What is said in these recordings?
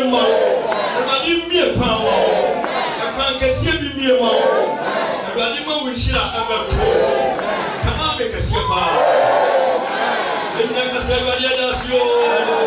mie ma wo awurade mie kwan ma wo ɛkwan kɛseɛ bi mie ma wo awurade ma wo nhyira ɛbɛto kama me kɛseɛ paa ɛnyɛ kasa awurade adaase oo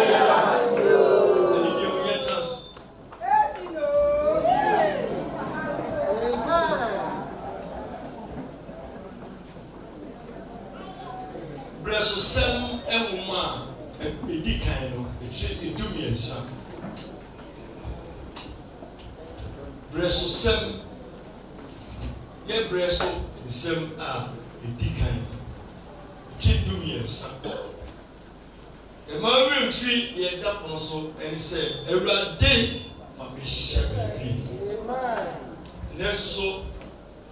brɛso sɛm yɛ brɛso nsɛm a edi kan twi du mmiɛnsa mmaa wura mfiri yɛ da pono so ɛne sɛ awurade ma mi hyɛ baabi nɛɛso so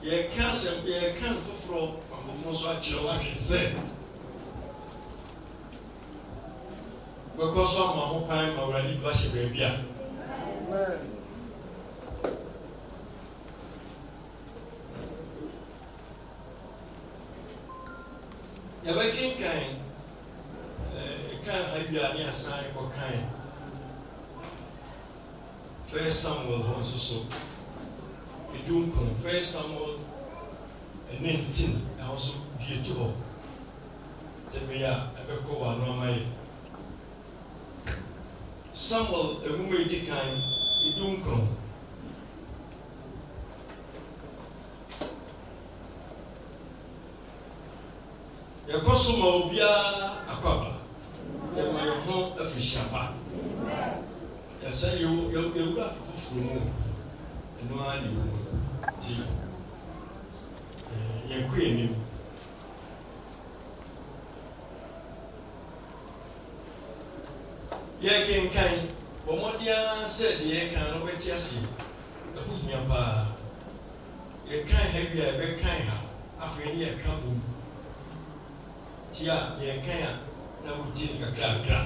yɛka asɛm yɛka no foforɔ ma foforɔ so akyerɛ wahwɛ sɛ wɔkɔ so ama ho kwan ma awurade ba hyɛ baabi a. yɛbɛkenkan kan awia ne asan kɔkan first samuel hɔ nso so edunkun first samuel nineteen ɛhɔ so bie to hɔ tɛmɛ a ɛbɛkɔ wɔ ano ama yɛ samuel ewumɛ di kan edunkun. yɛkɔ so ma obiara akwaba yɛma yɛn ho afirihyia pa yɛsɛ yɛwura foforo mu ɛno ara ne mu nti eh, yɛkɔ anim yɛkenkan bɔmmɔdea sɛ deɛ yɛka no wobɛte ase ɛho hia paa yɛkan ha bi a yɛbɛkan ha afei ne yɛka bom tie a yɛnkan a na wogye ne kakrakra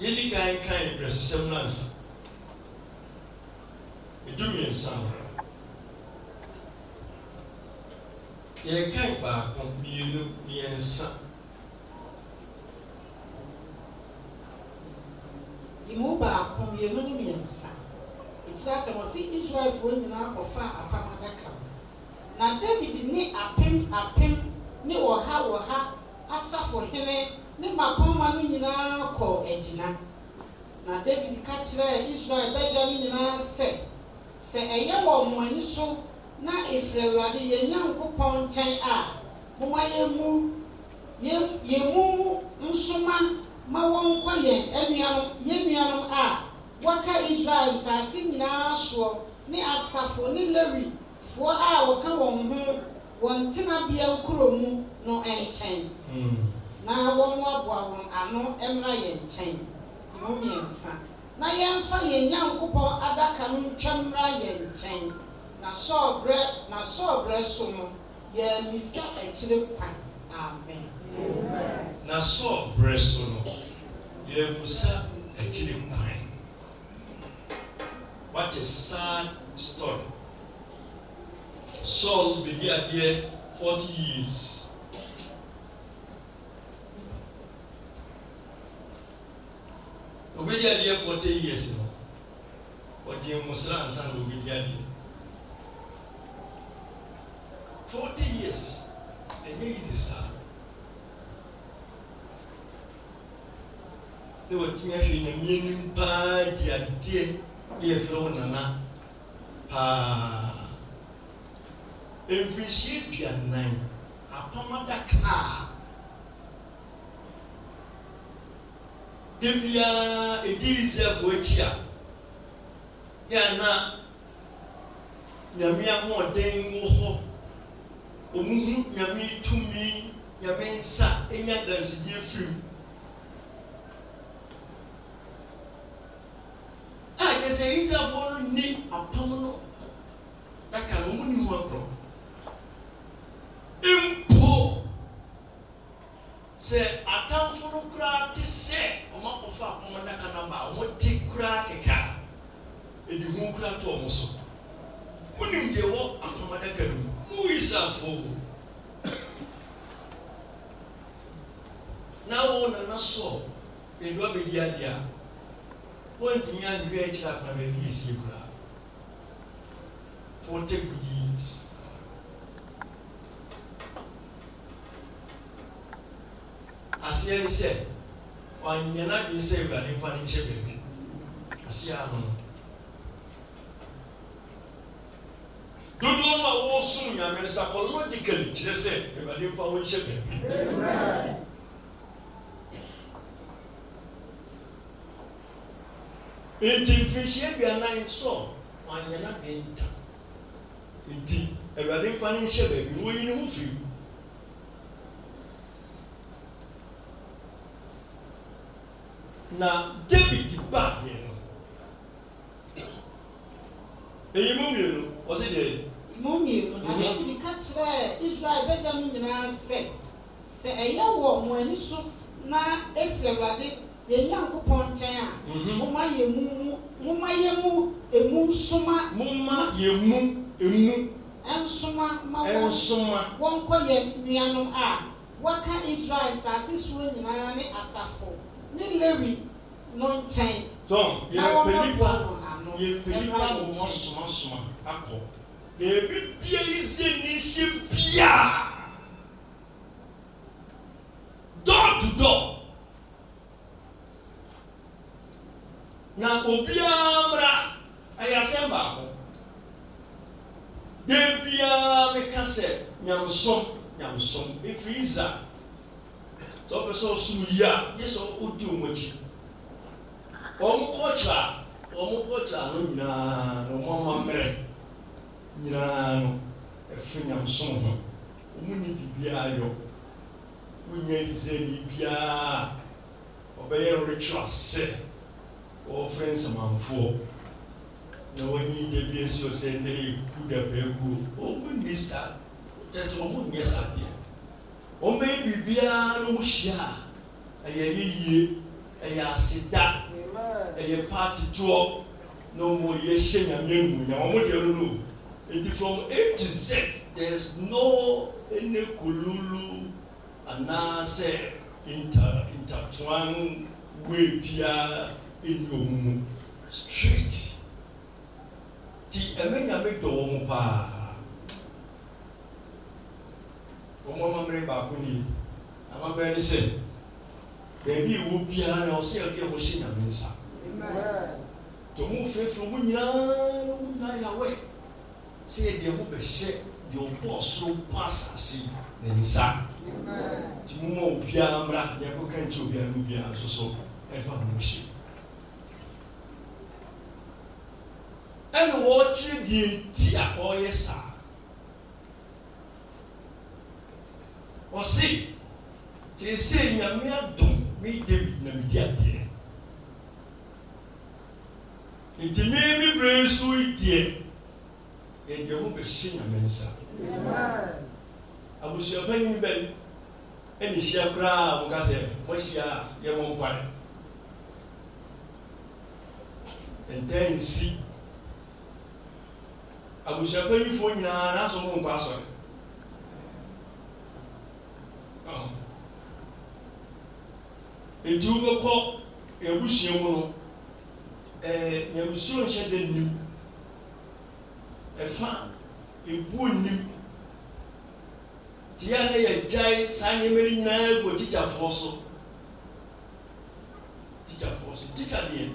yɛdi kan kan brɛsosɛm no ansa ɛdumiɛnsa no yɛkan baako mmienu mmiɛnsa mu baako mmienu ne mmiɛnsa ɛkyerɛ sɛ wɔse israelfoɔ nyinaa kɔfa apam adaka na david ne apem apem ne ɔha ɔha asafohene ne mmapɔmma no nyinaa kɔ agyina na david ka kyerɛɛ israel bɛdwa no nyinaa sɛ sɛ ɛyɛ wɔ mo ani so na efiri awurade yɛn nyankopɔn nkyɛn a moma yɛn mu yɛn mu nsoma ma wɔnkɔ yɛn anuanom yɛn nuanom a wɔka israel nsase nyinaa soɔ ne asafo ne lewi asraafoɔ a wɔka wɔn ho wɔn tenabea kurom no nkyɛn hmm. na wɔmmoaboa wɔn ano mmra yɛn nkyɛn ano mmiɛnsa na yɛmfa yɛn nyankopɔn adaka no ntwa mmra yɛn nkyɛn na sɔɔbrɛ na sɔɔbrɛ so no yɛmmisa akyire kwan amen na sɔɔbrɛ so no yɛmmisa akyire kwan what a sad story Saul began there forty years. obedi adeɛ for ten years now. ɔde musra ansa na obedi adeɛ forty years ɛnyɛ easy saa ne wɔtumi ahwɛ nyamie nim paa di adeɛ ne yɛfrɛ nana paa. Ah mfinhyia aduanan apam adaka a ebiara edi israelfo akyi a yɛn na nyame ahoɔden wɔ hɔ wɔn ho nyame tumi nyame nsa enya dansidie firi mu. a kyerɛ sɛ israelfoɔ no ni apam no daka no wɔn ni ho akorɔ mpo sɛ atamfo no koraa te sɛ ɔmakɔfa akɔmadaka namba a wɔte koraa keka ɛdi ho koraa to ɔmo so wonim deɛ wɔ akɔmadaka no mu mu israelfoɔ wo na wo nana sɔ edu abedi adi a wɔntumi anwia akyerɛ akɔnaba bi esi koraa for years. aseɛ ne sɛ ɔnyɛ n'adwene sɛ awurade mfa ne nhyɛ baabi aseɛ ano no dodoɔ no a wɔsom nyame no psychologically kyerɛ sɛ awurade mfa wɔn hyɛ baabi nti mfirinhyia aduanan sɔ ɔnyɛ n'adwene nta nti awurade mfa ne nhyɛ baabi wɔyi ne ho firi mu. na david baa yẹn no èyí mú mìíràn ọsẹ deɛ yìí. mú mìíràn na mhm. david ká kyerɛ israel bẹjá mu nyinaa sɛ sɛ ɛyɛ wɔ wɔn ani so na efiri awurade yɛn nyɛ nkokɔ nkyɛn a. Mhm. mo ma yɛ mu mo ma yɛ mu emu nsoma. mo ma yɛ mu emu. nsoma ma wɔn nsoma wɔn kɔ yɛ nuanom a wɔka israel nsase soɔ nyinaa ne asafo ne lewi no nkyɛn tom yɛmpɛnipa yɛmpɛnipa wɔ wɔ somasoma akɔ na ebi bia yi se ne hyɛ bia door to door na obiara mmra ɛyɛ asɛm baako debiara meka sɛ nyamsom nyamsom efiri israel sɛ ɔpɛ sɛ ɔsom yi a yɛ sɛ ɔdi wɔn akyi wɔn kɔɔkyɛ a wɔn kɔɔkyɛ ano nyinaa na wɔn ama mmerɛ nyinaa no ɛfɛ nyamsom ho wɔn nyɛ biribiara yɔ wɔn nyɛ israeli biara ɔbɛyɛ ritual sɛ wɔfrɛ nsamanfoɔ na wɔnyi dabi esi ɔsɛ ndɛ egu dɛbɛ egu wɔn bɛ nista kyɛ sɛ wɔn nyɛ sadeɛ biribiara no ho hyia a ɛyɛ yiyie ɛyɛ aseda ɛyɛ paatitoɔ na wɔn yɛ hyɛ nyame anuonyam wɔn deɛ no no eti from a to z there is no any kululu anaasɛ inter intertwan way biara ɛni wɔn mu straight ti ɛmɛ nyame dɔ wɔn paa. wɔn amammerɛ baako ni amammerɛ ne sɛ beebi ewu biara na ɔsɛ ɛbi ɛwɔ hyɛ nyame nsa tɔmu firifiri mu nyinaa mu nyinaa yawɛ sɛ yɛ deɛ mo bɛhyɛ deɛ ɔbɔ ɔsoro pa asase ne nsa ti mu ma obiara mmra deɛ ɛkɔka nkyɛn obiara no obiara nso so ɛfa ho hyɛ ɛna wɔrekyerɛ deɛ nti a ɔreyɛ saa. ɔsi tie se nyame adum mi david na mi di adeɛ nti mi mi bere nso deɛ ɛdeɛ ho bɛhyɛ nyame nsa abusuapanyin bɛn ɛna ehyia koraa mo ka sɛ mo ahyia yɛ mo mpare ntaa nsi abusuapanyinfoɔ nyinaa n'asɔ mo nkɔ asɔre nti wobɛkɔ abusua mu no ɛɛ nyamesuro nhyɛ da nim ɛfa ebuo nim tia ne yɛ gyae saa nneɛma no nyinaa gu tikyafoɔ so tikyafoɔ so tikya deɛ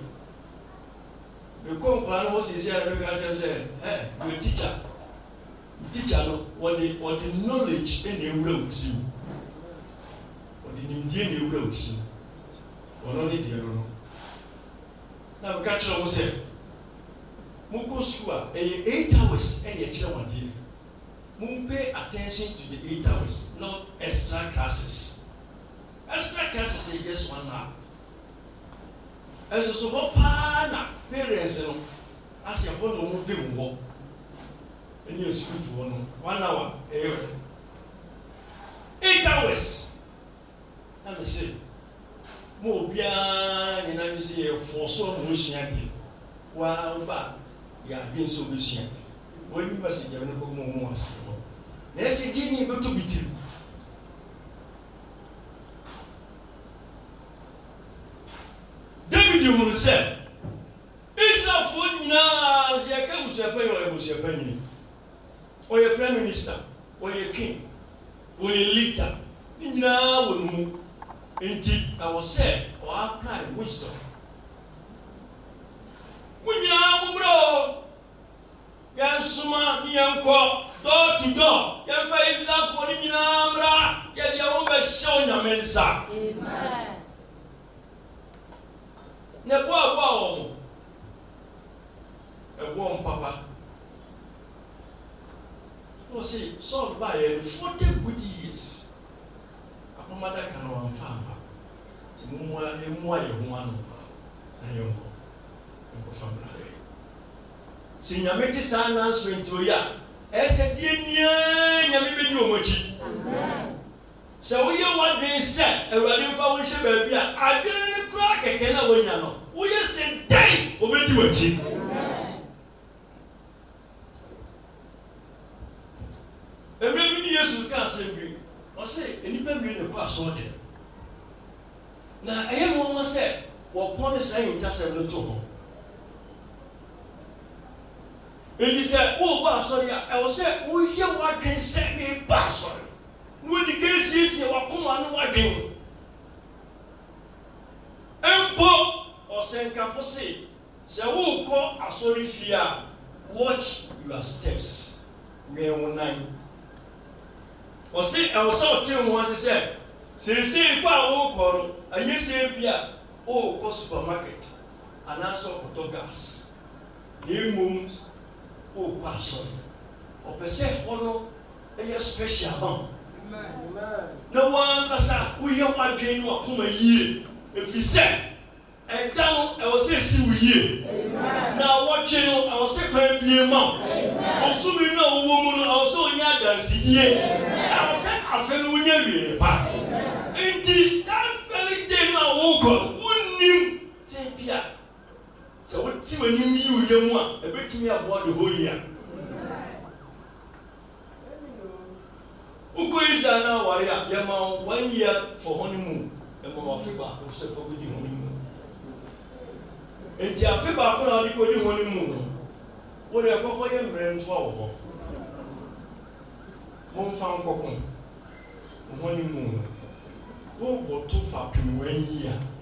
mekɔ nkwadaa no hɔ a ɛbɛka kyerɛ sɛ ɛ yɛ tikya tikya no wɔde wɔde knowledge ɛna ewura wɔ didindie na ewura oti ɔno ne deɛ no no na meka kyerɛ wo sɛ mokɔ sukuu a ɛyɛ eight hours ɛne ɛkyerɛ wɔn adeɛ mompay attention to the eight hours not extra classes extra classes yɛ just one hour ɛsoso hɔ paa na parents no asɛ hɔ na wɔn fɛ mu hɔ ɛne asukuufoɔ no one hour ɛyɛ eight hours na me se mo obiara nyinaa bi sɛ yɛfɔ so a mo sua bi waa ba yɛ adi nso bi sua bi wɔn ba sɛ gyɛm ne mo mo ase hɔ na ɛsɛ di ni ebi to bi tiri david hun sɛ israelfoɔ nyinaa yɛ ka busuapɛ yɛ ɔyɛ busuapɛ nyini ɔyɛ prime minister ɔyɛ king ɔyɛ leader ne nyinaa wɔ ne mu nti ɛwɔ sɛ ɔapply wisdom mo nyinaa mummerɛ o yɛnsoma ne yɛnkɔ door to door yɛmfa israelfoɔ no nyinaa mmra yɛde ɛwo bɛhyɛ onyame nsa na ɛboaboa wɔ mo ɛboɔ mpapa na ɔse sɔl baeɛ no forty good years apomadaka no wamfaa mu a mu a yɛn ho ano na yɛn ho nkɔfa mura sɛ nyame te saa nanso ntoro yi a ɛsɛ deɛ nyinaa nyame bɛdi wɔn akyi sɛ woyɛ wɔden sɛ awurade mfa wo nhyɛ baabi a adwene no koraa kɛkɛ na woanya no woyɛ sɛ dɛn wɔbɛdi w'akyi wɔkɔ ne saa nyantasɛm no to hɔ edi sɛ wɔrebɔ asɔre a ɛwɔ sɛ wɔyɛ wɔadwen sɛ ɛreba asɔre na wɔde ka esiesie wɔakoma ne wɔadwen mpo ɔsɛnkafo se sɛ wɔrekɔ asɔre fie a watch your steps wɛn wɔn nan ɔse ɛwɔ sɛ ɔte wɔn ase sɛ siesie kɔ a wɔrekɔ no anyɛ sie bi a wokɔ oh, supermarket anaasɛ ɔkɔtɔ gas na mmom wokɔ asɔre ɔpɛ sɛ hɔ no ɛyɛ special ban na wankasa woyɛ wadwen ne wakoma yie ɛfiri sɛ ɛda no ɛwɔ sɛ ɛsi wo yie na wɔtwe no ɛwɔ sɛ kwan bie ma wo ɔsome no a wowɔ mu no ɛwɔ sɛ ɔnyɛ adansidie ɛwɔ sɛ afe no wonya wieɛ pa nti that very day no a wokɔ no sɛ wote w'anim yi wo yɛ mu a ɛbɛtumi aboa de hɔ yia wokɔ israel no aware a yɛma one year for honeymoon ɛma wafe baako sɛ fa wodi honeymoon nti afe baako na wode kɔdi honeymoon no wode ɛkɔkɔ yɛ mmerɛ ntoa wɔ hɔ momfa nkɔko honeymoon no wobɔto fapem wan yi a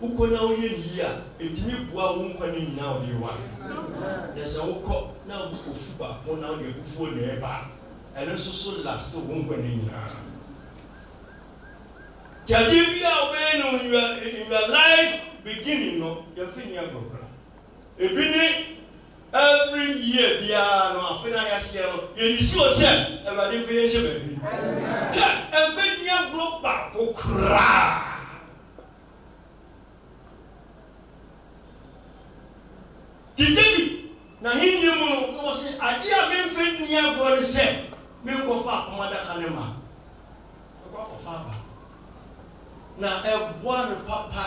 wokɔ na woyɛ nii a ɛtumi boa wo nkwa no nyinaa wode wa na sɛ wokɔ na ofu baako na wode abufuo na ɛba a ɛno nso so laste wo nkwa no nyinaa tiagye bi a wobɛyɛ no in your life beginning no yɛmfa nya agbɔkora ebi ne every year biara no afe na yɛaseɛ no yɛnisi o sɛ awurade mfa yɛnhyɛ baabi hwɛ ɛmfa nya agorɔ baako koraa dìde na hinni mu no na wɔsi adeɛ a memfɛ nni agorɔ ne sɛ menkɔfa akɔmadaka ne ma ɛkɔ akɔfa aba na ɛboa no papa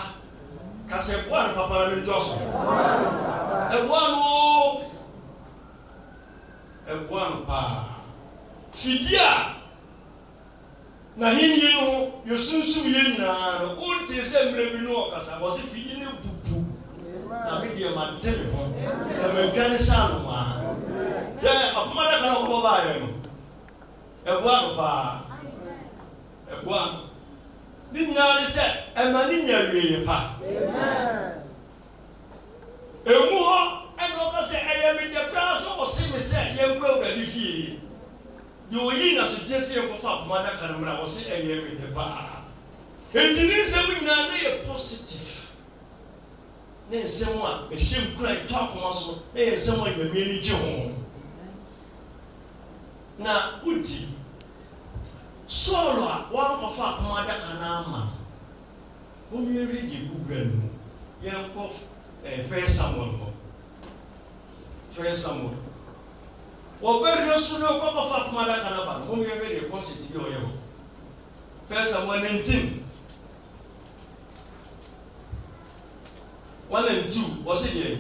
kasɛ ɛboa no papa na mentɔ so ɛboa no ɛboa no paa fidie a na hinni no yɛ sunsum yɛ nyinaa no wonte sɛ mmerɛ bi no ɔkasa wɔsi fidie na mi deɛ ma te ne ho na ma dwane sɛ anomaa yɛ apoma daka na ɔkɔbɔ baayɛ no ɛboa no paa ɛboa ne nyinaa ne sɛ ɛma ne nya wieɛ pa ɛmu hɔ ɛna ɔka sɛ ɛyɛ me dɛ koraa sɛ ɔse me sɛ yɛnkɔ ni fie deɛ ɔyii nasoteɛ sɛ yɛkɔfa apoma daka no mmra ɔse ɛyɛ me dɛ paa ɛnti ne nsɛm nyinaa ne yɛ positive na nsɛm a ɛhyɛ nkura ɛtɔ akoma so na yɛ nsɛm a nyame ani gye ho na ụdị sɔɔlo a wankɔfa akoma adaka no ama wɔmmiɛhwɛ deɛ gugura no mu yɛnkɔ eh, fɛn samuel hɔ fɛn samuel wɔbɛhwɛ so na ɔkɔkɔfa akoma adaka no aba no wɔmmiɛhwɛ deɛ bi ɔyɛ hɔ fɛn samuel and two wɔsi yɛ.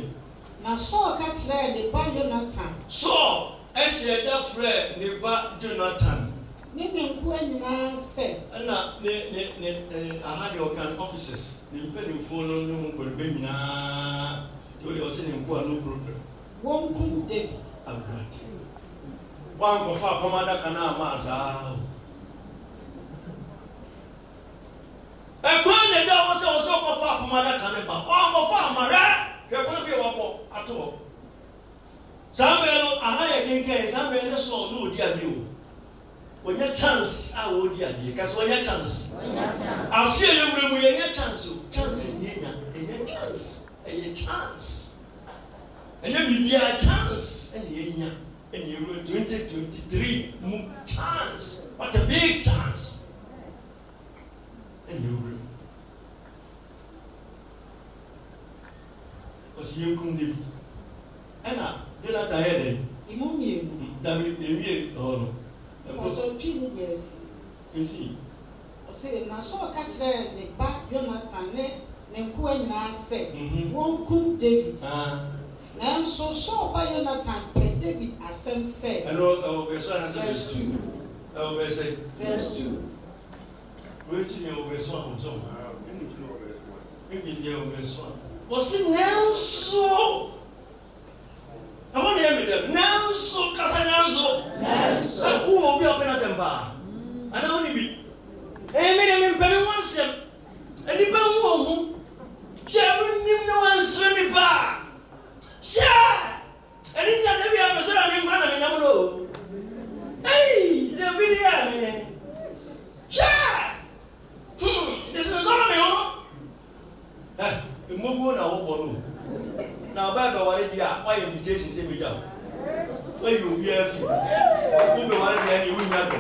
na saul ka kyerɛ ne ba jonathan. saul ɛhyɛ ɛda frɛ ne ba jonathan. ne nankuwa nyinaa sɛ. ɛna ne ne ne ɛɛ aha deɛ ɔkan officers ne mpanimfoɔ no ne ho nkɔlibɛ nyinaa tí o deɛ ɔsi ne nkuwa no problem. wɔn kum david. abirante wɔn akɔfa akɔmadaka naa maa ɛkwan na ɛda wɔ sɛ wɔ sɛ ɔkɔfa apoma adaka ne ba ɔkɔfa amarɛ hwɛkwan bi a wɔkɔ ato hɔ saa mmerɛ no aha yɛ kenkan saa mmerɛ ne sɔɔ no ɔdi adeɛ o wɔnyɛ chance a wɔdi adeɛ kasi wɔnyɛ chance afi a yɛwura mu yɛnyɛ chance o chance nyɛ nya ɛnyɛ chance ɛyɛ chance ɛnyɛ a chance ɛna yɛnya ɛna yɛwura twenty twenty three mu chance what a big chance ɛne awura ɔsi yɛnkum david ɛna ah. jonathan yɛ dɛn imu mmienu david ewie ɔhɔ no ɛkɔtɔ twi mu yɛ esi esi ɔsi na so ɔka kyerɛ ne ba jonathan ne ne nkoa nyinaa sɛ wɔn kum david nanso so ɔba jonathan pɛ david asɛm sɛ ɛno ɛwɔ bɛsɛ anasɛ bɛsɛ ɛwɔ bɛsɛ bɛsɛ wetin yɛ ɔbɛso a ɔsɔ ɛmi yɛ ɔbɛso a ɔsi nanso ɛwɔ na yɛ mi dɛm nanso kasa nanso ɛkú wɔ obi a ɔpɛ na sɛm paa anaa ɔni bi ɛmi dɛm mpɛmi ho asɛm nipa ho wɔ ho hyɛ ɔnim na wansoro nipa hyɛ ɛni nyɛ dɛbi a pɛsɛ na mi mpa na mi nam no ɛyi dɛbi ni yɛ mi. mugu na wobɔ no na ɔbɛn bɛware bi a ɔyɛ invitation sɛ bi gya o ɔyɛ obi afi wo bɛware bi a ne ewu nya do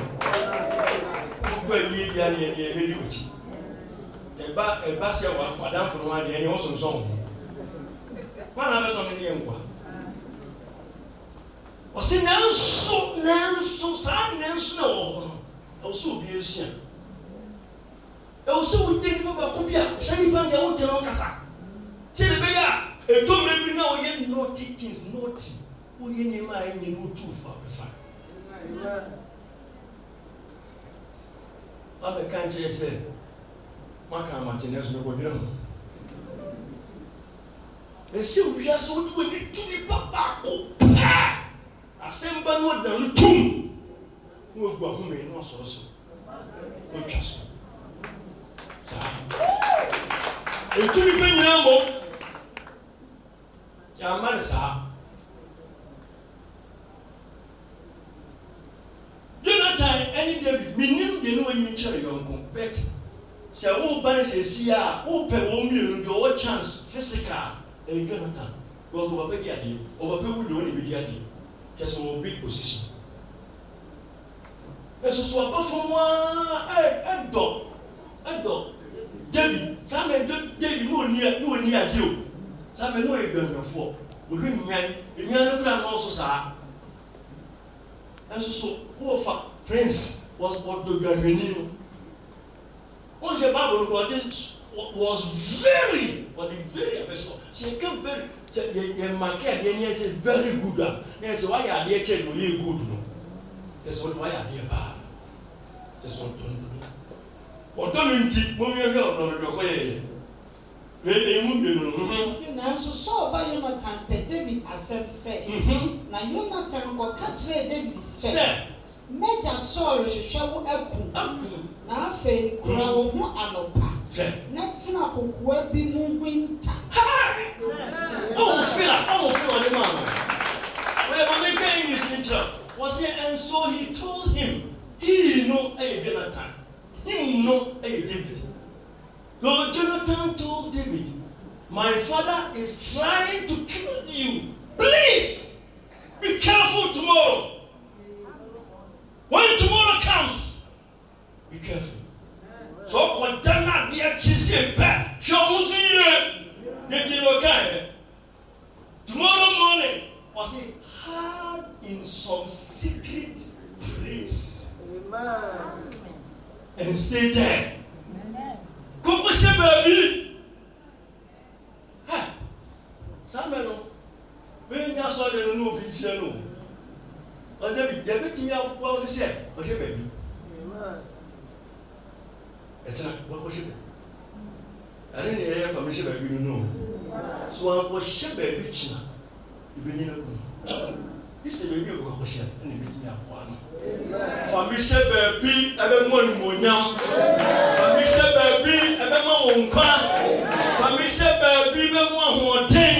wogu awie bi a ne ɛdeɛ ɛbɛdi okyi ɛba e ɛba e sɛ wa wadanfo no adeɛ ne ɔsonsɔn ho kwan na bɛsɔn ne yɛ nkwa ɔsi nanso nanso saa nanso na wɔ hɔ no ɛwɔ sɛ obi esua ɛwɔ e sɛ wɔn nyɛ nipa baako bi a sɛ nipa deɛ wɔn tɛ kasa kyerɛ bɛyɛ a ɛtɔmmerɛ bi na wɔyɛ naughty things naughty woyɛ nneɛma e a ɛnyɛ no tu fa ɔbɛfa wabɛka nkyerɛ sɛ woaka amatene so mekɔdwerɛ ho ɛsɛ wiase wode w'ani tu nipa baako paa asɛm ba no ɔda no tum na e wagu ahome na ɔsɔre so watwa so e saa ɛtu nipa nyinaa mmom kyama ne saa jonathan ɛne david menim deɛ ne wɔnyi kyerɛ yɔnko bet sɛ woba ne sɛsi a wopɛ wɔn mmienu deɛ ɔwɔ chance physical ɛyɛ jonathan wɔtɔ ɔbɛbɛ di adeɛ ɔbɛbɛ wu deɛ ɔne bi di adeɛ kyɛ sɛ ɔwɔ big position ɛsoso ɔba fam a ɛdɔ ɛdɔ david saa na david ne ɔni adeɛ o na mɛ ah. n'o ye gbɛngbɛnfoɔ olu nyan enyan no kura n'ɔso saa ɛso so wɔn fa prince was ɔdo gbɛngbɛni no wɔn hwɛ baabu no ɔde was very ɔde very abɛsɔ sɛ yɛ kɛ very sɛ yɛ yɛ maki adeɛ ni ɛkyɛ very good a na yɛ sɛ wayɛ adeɛ kyɛ no yɛ good no kyɛ sɛ wɔde wayɛ adeɛ paa kyɛ sɛ ɔtɔ no do ɔtɔ no nti wɔn yɛ hwɛ ɔtɔ no do ɔkɔ emu mmienu. ɔsi nanso sɔɔ ba yonatan pɛ david asɛm sɛ. Mhm. na yonatan kɔ ka kyerɛ david sɛ. sɛ. mɛgya sɔɔ rehwehwɛ wo ɛkun. ɛkun. na afei kura mhm. wo ho anɔpa. hwɛ. na tena kokoa bi mu winta. haa ɔwɔ fila ɔwɔ fila ne ma no wɔyɛ ma ne ka english ne kyerɛ wɔsi and so he told him he no ɛyɛ yonatan him no ɛyɛ david. So Jonathan told David, My father is trying to kill you. Please be careful tomorrow. When tomorrow comes, be careful. So kɔntɛn a deɛ kyi si pɛ hwɛ ɔmo so yie tomorrow morning he hard in some secret place and stay there. koko hyɛ baabi ha saa mɛ no menya sɔre no na obi kyerɛ no ɔdɛ bi deɛ bɛtumi aboa no sɛ ɔhyɛ baabi ɛkyerɛ wakɔ hyɛ baabi ɛne ne ɛyɛ fa mehyɛ baabi no no so wakɔ hyɛ baabi kyina ebɛnyina kunu isi baabi a wɔkɔ hyɛ ɛna ebɛtumi aboa no fa mehyɛ baabi ɛbɛmɔ animonyam wo nkwa fa mi hyɛ baabi bɛmu ahoɔden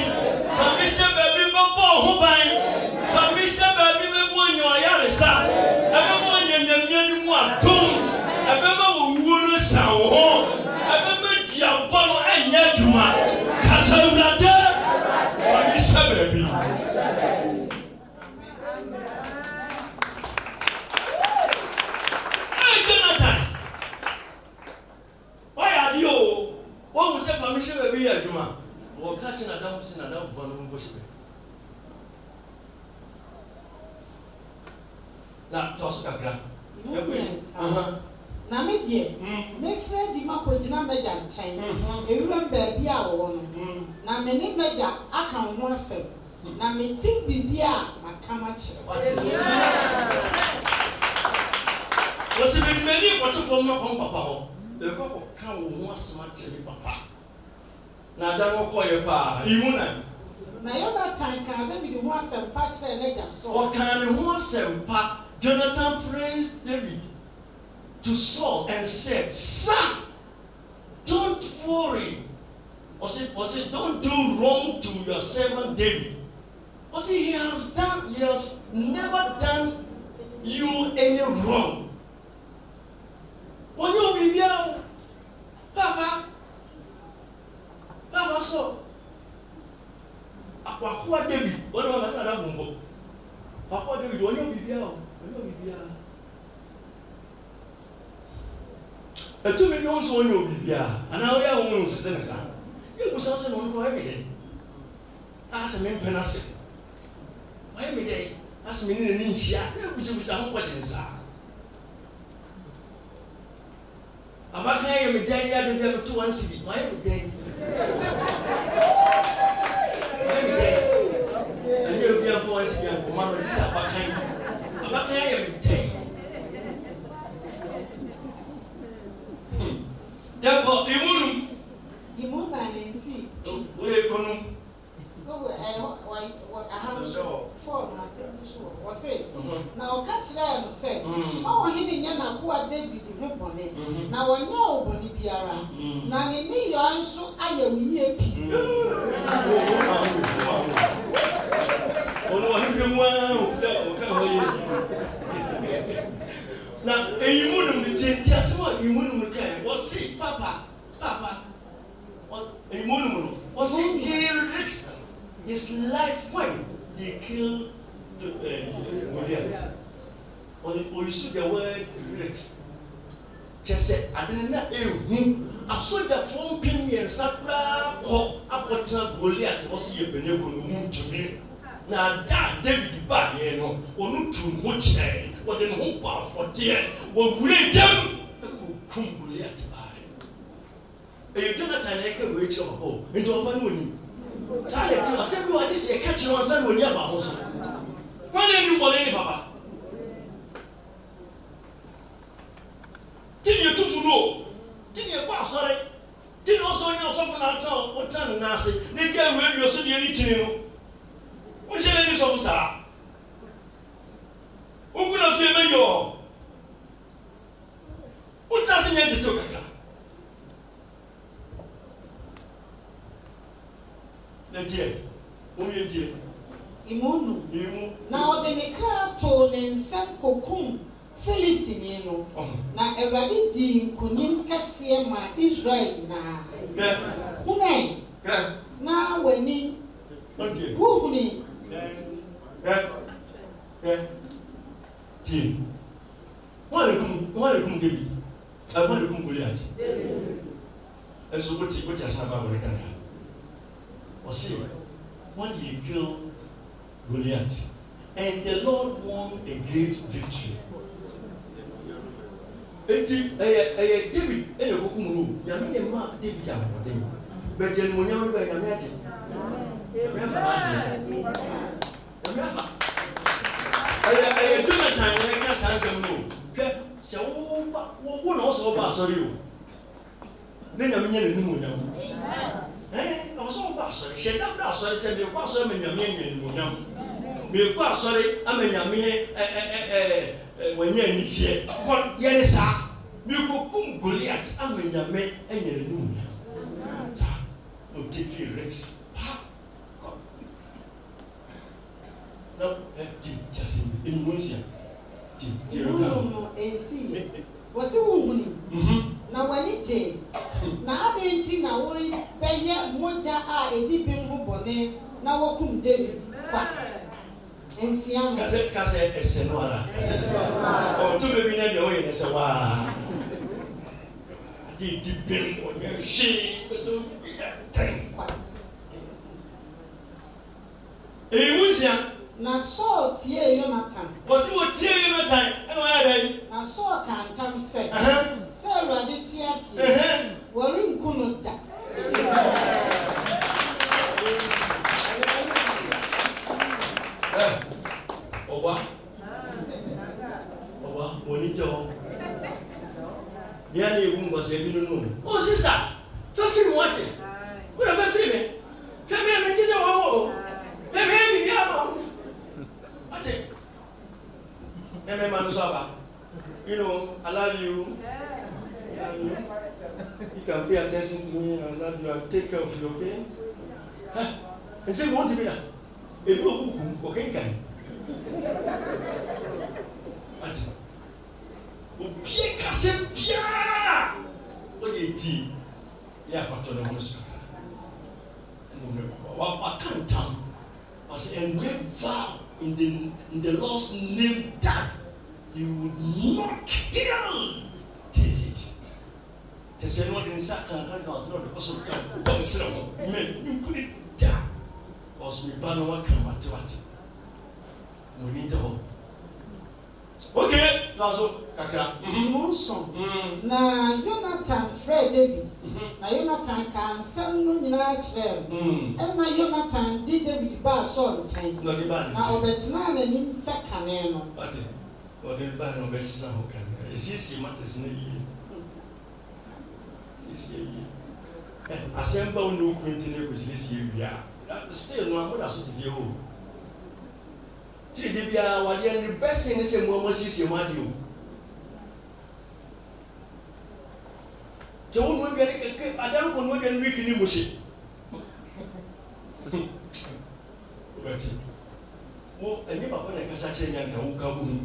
fa mi hyɛ baabi bɛbɔ ɔho ban fa mi hyɛ baabi bɛmu ɔnyɛ ɔyaresa ɛbɛmu ɔnyɛ nyamia no mu atom ɛbɛma wo wuo no sa wo ho ɛbɛma duabɔ no ɛnyɛ adwuma. ɛyɛ adwuma wɔka kye n'adamfo sɛ n'adamfo no mbɔ hyɛ na tɔ so kakra na me deɛ hmm. mefrɛ di ma kɔgyina mɛgya nkyɛn ewura baabi a wɔwɔ no na me ne mɛgya aka hmm. ho asɛm na me ti biribi a maka ma kyerɛ wɔsi bɛbi mɛni kɔtɔ fɔm ma kɔn papa hɔ ɛkɔ kɔ ka wɔn ho asɛm akyerɛ papa. na ada no kɔ yɛ paa ihu na. na yonatan kan david ho asɛmpa kyerɛ n'agya saul. ɔkan ne ho asɛmpa jonathan praised david to saul and said son don't worry ɔsi ɔsi don't do wrong to your servant david ɔsi he has done he has never done you any wrong. onye obi bia papa. aba so wakoa david wɔne wɔn asɛn ada bombɔ wakoa david wɔnyɛ biribiara wɔnyɛ biribiara ɛtumi bi wɔn nso wɔnyɛ biribiara anaa wɔyɛ wɔn wɔn sisɛ ne saa yɛ kusa sɛ wɔn kora ɛmi dɛ asɛ mi mpɛn ase wɔyɛ mi dɛ asɛ mi ne n'ani nhyia yɛ kusa kusa ho kɔhyɛ ne saa abakan yɛ mi dɛ yɛ adi bi a mi to wɔn si bi wɔyɛ mi dɛ ɛnyɛ obi a fɔ ɛsi yɛ nkɔmɔ no ɛdi sɛ abakan abakan yɛ ntɛn yɛ kɔ ba ne nsi. o yɛ kɔnɔ na ɔka kyerɛɛ no sɛ ɔwɔ hene nyɛ n'akoa david ho bɔne na wɔnyɛ wo bɔne biara na ne ne yɔɔ nso ayɛ wo yie pii na eyi mu nom ne tie tie asɛm a eyi mu nom ka yi wɔsi papa papa eyi mu nom no wɔsi he reached his life when he killed the, uh, Goliath. Or, or you the word regret. Kyesɛ ade na ehu asogyafoɔ mpem mmiɛnsa koraa kɔ akɔtena Goliath hɔ si yɛ panyin kɔ to ɔmu ntumi na ada David baayɛ no ɔno tu ho kyerɛ wɔde ne ho bɔ afɔdeɛ wɔwura gyam ɛkɔ kum Goliath baayɛ. Ɛyɛ Jonathan na ɛka wɔ akyire wɔ hɔ nti wɔn ba no wɔ nimu saa yɛ ti asɛm bi wɔ adi si yɛ kɛkyɛ wɔn sɛ wɔn ni aba so wɔn na ɛni mbɔlɛ ni papa ti ni etu funu o ti ni ekɔ asɔre ti ni ɔsɔ ɔnyɛ ɔsɔfo n'ata ɔta ne nan ne di awie awie so deɛ ne kyini no wɔn hyɛ n'ani sɔfo saa wɔn kuna fie bɛ yɔ wɔn ta se nyɛ tete o kakra. n'ekyir wɔn yɛ die. Imu nu. Imu. Na ɔde ne kra too ne nsam kokum Filistini no. Na Awurade di nkunim kɛseɛ ma Israel nyinaa. Bɛ. Hunɛ. Bɛ. Na w'ani. Ɔdie. Huhuni. Bɛ. Bɛ. Bɛ. Die. Wọ́n lè kún wọ́n lè kún David. Ẹ wọ́n lè kún Goliath. David. Ẹ sọ wọ́n ti wọ́n ti aṣáájú àwọn ẹ̀ka náà ɔsi wɔn yɛ kill Goliath and the Lord won a great victory eti ɛyɛ ɛyɛ David ɛna ɛkoko mu no David. na ɛma David ahoɔden bɛtɛ ɛnumonyam no bɛ nyame agye nyame afa n'agye nyame afa ɛyɛ ɛyɛ Jonathan wɔn ɛka saa nsɛm no hwɛ sɛ wɔwɔ ba wɔwɔ na ɔsɛ ɔba asɔre o ne nyame nyɛ n'anumonyam ɛn ɔsɛ ɔba asɔre hyɛda bra asɔre sɛ mɛkɔ asɔre ama nyame anya animonyam mɛkɔ asɔre ama nyame ɛɛɛɛ wɔnyɛ anigyeɛ kɔ sa saa mɛkɔ kum goliat ama nyame anya animonyam saa no take a risk pa kɔ na ti ti ase ɛnumɔnsia ti ti ɛrɛ kan no wɔsi wuhuni mm-hmm. na w'ani gye na adi nti na wɔre bɛyɛ mogya a edi bi ho bɔne na wɔkum david kwa nsia mu. kase kase ɛsɛ no ara ɛsɛ sɛ ɔ to bɛ bi na deɛ ɔyɛ ɛsɛ waa adi edi bi mu ɔyɛ hwee ɛdo ɛtɛn. eyi wusia na Saul tie Yonatan. Wɔsi wɔ tie Yonatan ɛna wɔyɛ dɛ yi. Na Saul ka ntam sɛ. Sɛ Awurade ti ase. Wɔrenku no da. Ọba ọba wòní tẹ ọ. Ní àná ewu ngọ̀sẹ̀ ebi nínú. Ó oh, sísà fẹ́ fíìmù wọ́n tẹ̀. Wọ́n yẹ fẹ́ fíìmù. Fẹ́ mi ẹ̀ mi ti sẹ́ wọ́n wọ̀ o. Fẹ́ mi ẹ̀ mi bí a bọ̀ nothing. Ẹ̀mẹ̀ máa ń sọ àbá. You know, I love you. Yeah. you. You can pay attention to me and that you are take care of you, okay? Ẹ ṣe wọ́n ti mi nà, èmi ò kúkú kò kí n kàn. Àti òbí kásẹ̀ bíá ó lè di yẹ àpàtọ̀ ní wọ́n sọ. Ẹnu mi wà wà kàn tán, wà sẹ ẹ̀ ń gbé vow. in the, in the Lord's name that you would not kill David. Te sɛ no the nsa kankanka ɔsɛ ɔde kɔsɔ ka bɔ nsira hɔ mɛ nkuli da ɔsɛ mi ba no waka watewate mo ni da hɔ okay. kakra. Mhmm. Mhmm. mo nson mhmm. na Jonathan frɛ David na Jonathan ka nsɛm no nyinaa kyerɛ no na Jonathan di David baa Saul nkyɛn na ɔbɛtena n'anim sɛ kane no. ɔde baa na ɔbɛtena hɔ kane esiesie matas na yie esiesie yie asɛm bawo na okuru ntɛnɛ kɔ siesie wia still no ahodaso ti fi ewu tiri de biara wadeɛ no best thing ne sɛ mu ɔmo siesie mu adeɛ o tẹ wọn nua duane keke adan kɔ nua duane wiki ni musi wati wo ɛnyɛ papa na kasa kyerɛ nyanka wo ka wo mu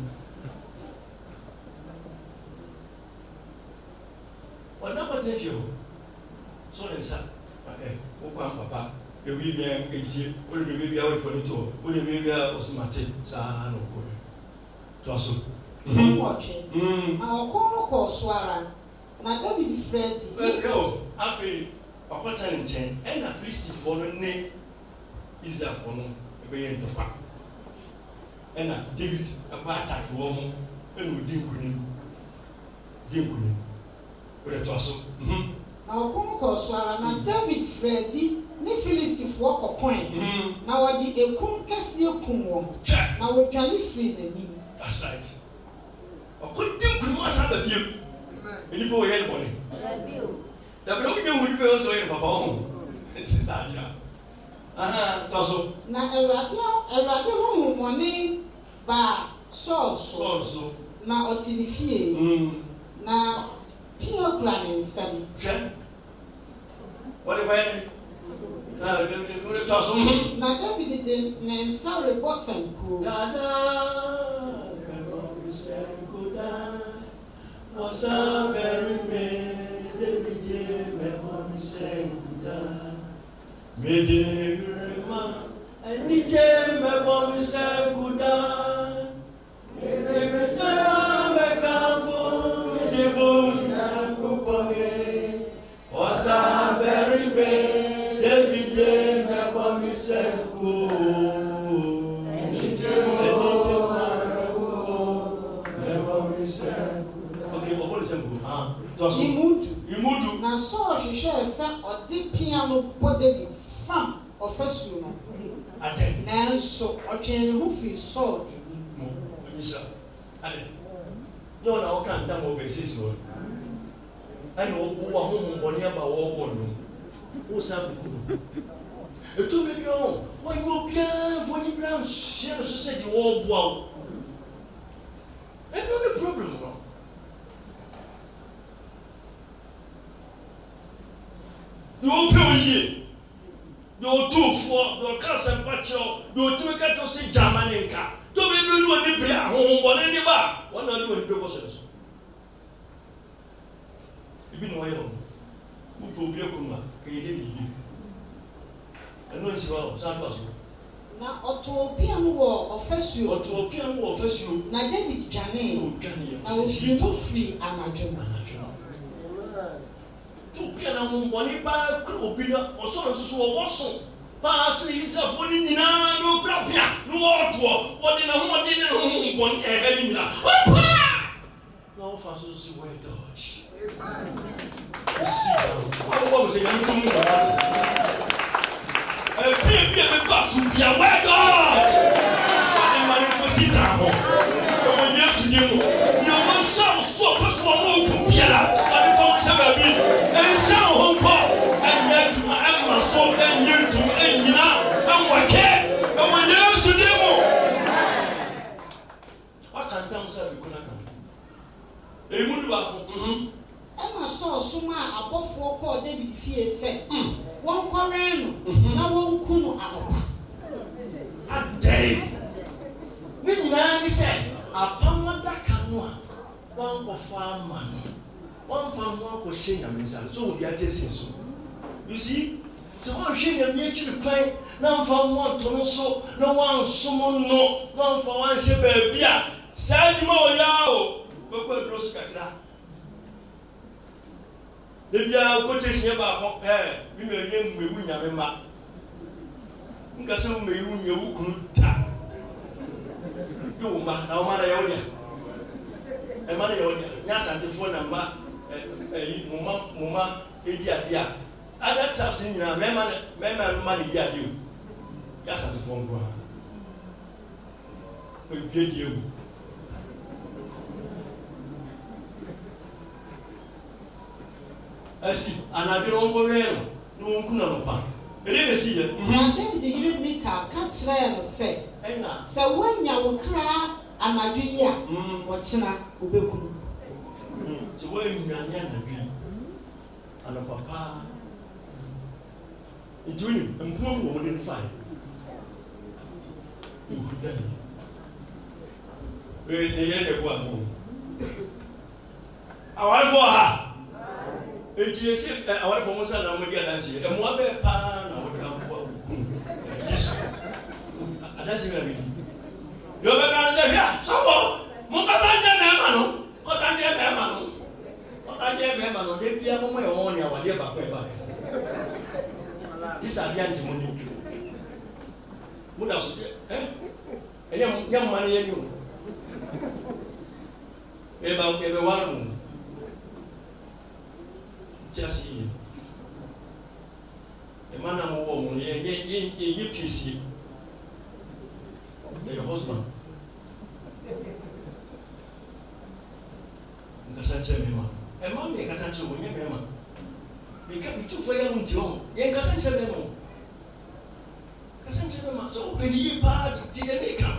wɔn nam ɔtɛ fie o sɔɔ ne nsa ɛ wokɔ an papa ewi bia edie wode de ewi bia wode fɔne tɔ wode ewi bia osumate saa na ɔkɔ no tɔ so. nwɔtwe ma ɔkɔ no kɔ so ara na david fred. ɛkɛ o afei ɔkɔta ne nkyɛn ɛna filistifoɔ no ne israelfoɔ no ɛbɛyɛ ntɔkwa ɛna david ɛkɔ atake wɔn ho ɛna odi nkunim di nkunim wode tɔ so. na ɔkɔ no kɔ so ara na mm. david fred ne filistifoɔ kɔkɔn mm-hmm. na wɔde ekun kɛseɛ kun wɔn na wɔtwane firi n'anim. that's right ɔkò di nkurumu asan baabi yɛ nipa wɔyɛ ne bɔnɛ dabere wonye wo nipa yɛ sɔ yɛ ne papa wɔn sisa adi a tɔ so. na awurade awurade huhumɔne baa sɔɔl so sɔɔl so na ɔte ne mm. na pia kura ne nsam. hwɛ wɔde bɛyɛ na david de ne nsa rebɔ sankuo. dada kẹfọ sankuda wọsa bẹrẹmẹ david yẹ mẹmọ mi sankuda mede rẹma ẹnijẹ mẹmọ mi sankuda. ɛtɔ imudu imudu na sɔɔ hwehwɛ sɛ ɔde pia no bɔ david fam ɔfasuo no atɛ nanso ɔtwɛn ne ho firi sɔɔ anim ɔnyihyɛ ale ne wɔn a wɔka ntam wɔ bɛsisi wɔn ɛna wɔn wɔn ahohom bɔ nneɛma wɔrebɔ no wɔn san kuku no etu mi bi ɔn wɔn yi obiara fo ni bi anhyia no so sɛ deɛ wɔreboa wo ɛnu ne problem no. deɛ ɔpɛ wo yie deɛ ɔtumfoɔ deɛ ɔka asɛmpa kyerɛw deɛ ɔtumi ka to se gyama ne nka tóbi bi ni wɔn ni bere ahohombɔne ne ba wɔn na ni wɔn ni bere kɔsɛn so ebi na ɔyɛ o mo pe obi ekunuma k'eyi de mi yi ɛnu esi hɔ a to aso. na ɔtɔ opiam wɔ ɔfɛsuo. ɔtɔ opiam wɔ ɔfɛsuo. na david dwane. o dwane yɛ ɔsɛ si. na ofiri mu firi anadwo. anadwo na ahombɔne paa kura obi na ɔsɔre soso ɔwɔ so paa sɛ israelfoɔ no nyinaa na ɔpirapia na wɔɔtoɔ wɔde n'ahoɔden ne n'ahombɔne ɛhɛ no nyinaa ɔpaa na ɔfa so si wɔyɛ dɔɔkye si ɔwɔ mo sɛ nyame kɔn mu wɔn ɛfie bi a bɛ ba so bia wɔyɛ dɔɔkye ɔde ma ne kɔsi daa hɔ ɔwɔ yesu nye mu. emu du baako. ɛna sɔɔ sum a abɔfoɔ kɔɔ david fie sɛ. wɔn kɔrɛɛ no na wɔn ku no anɔpa. adɛɛ nyinaa ni sɛ apam adaka no a wɔn kɔfa ama no wɔn fa ho akɔhyɛ nyame nsa so wɔn bi ate si so you see sɛ wɔnhwɛ nyame akyiri kwan na nfa ho ato no so na wɔansom no na nfa wɔanhyɛ baabi a saa adwuma wɔ yɛ a o kɔkɔ aduro so kakra ebiara kotation yɛ baako ɛɛ mi na yɛ mmewu nyame ma nkasa mmewu nyewu kunu ta bi wo ma na ɔma na yɛ ɔdia ɛma na yɛ ɔdia nyɛ asantefoɔ na ma ɛ ɛyi mo ma mo ma edi adi a ada nyinaa mɛma na mɛma ma na edi adi o nyɛ asantefoɔ nkoa ebie die o. asi anadwo wɔn bɔ wɛn no na wɔn kuna no pa ɛdeɛ na si yɛ. na david yiri mika ka kyerɛ no sɛ sɛ wɔnya wo kra anadwo yi a wɔkyena wɔbɛkunu. sɛ wɔanya ne anadwo yi anapa paa nti wɔn mpoma wɔ wɔn ne fa yi nkuda yi ɛyɛ ne bo a mo awarefo ha nti yɛsi ɛ eh, awarefo mo sa na wɔn di adansi yɛ eh, ɛmoa bɛɛ paa na wɔde aboa wɔn kun yesu adansi yɛ abedi yɛ ɔbɛ ka ne hwɛ a sɔfo mo nkasa nkyɛ mɛɛma no ɔta nkyɛ mɛɛma no ɔta nkyɛ mɛɛma no ɔde bia mo mo yɛ e wɔn ne awadeɛ baako yɛ e baako disa adeɛ nti mo ne ntwo mo da so deɛ ɛ ɛyɛ mo nyɛ ma ne yɛ ni o ɛbɛ e ɛbɛ wa no just here. A man and woman, a UPC, a husband. nkasa kyerɛ mɛma ɛma mi nkasa kyerɛ wɔn nyɛ mɛma mika bitufoɔ yɛ mu nti hɔ yɛ nkasa kyerɛ mɛma o nkasa kyerɛ mɛma sɛ o pɛ ni yie paa de ti dɛ mi ka